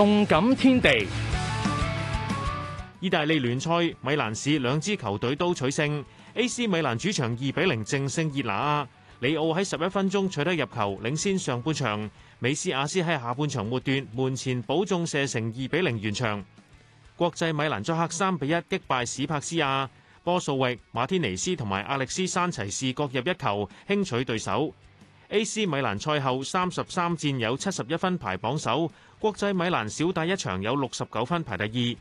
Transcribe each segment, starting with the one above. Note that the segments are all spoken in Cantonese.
動感天地，意大利聯賽米蘭市兩支球隊都取勝。AC 米蘭主場二比零淨勝熱拿亞，里奧喺十一分鐘取得入球，領先上半場。美斯亞斯喺下半場末段門前保中射成二比零完場。國際米蘭作客三比一擊敗史柏斯亞，波素域馬天尼斯同埋阿歷斯山齊士各入一球，輕取對手。AC 米蘭賽後三十三戰有七十一分排榜首，國際米蘭少打一場有六十九分排第二。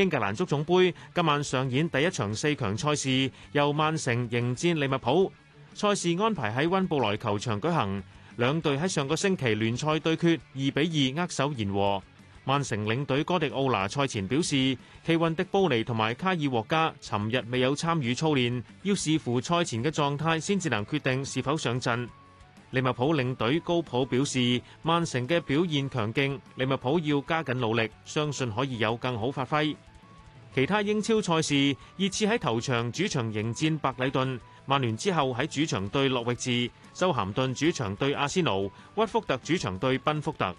英格蘭足總杯今晚上演第一場四強賽事，由曼城迎戰利物浦。賽事安排喺温布萊球場舉行，兩隊喺上個星期聯賽對決二比二握手言和。曼城領隊哥迪奧拿賽前表示，奇雲迪布尼同埋卡爾獲加尋日未有參與操練，要視乎賽前嘅狀態先至能決定是否上陣。利物浦領隊高普表示：曼城嘅表現強勁，利物浦要加緊努力，相信可以有更好發揮。其他英超賽事，熱刺喺頭場主場迎戰白禮頓，曼聯之後喺主場對諾域治，修咸頓主場對阿仙奴，屈福特主場對賓福特。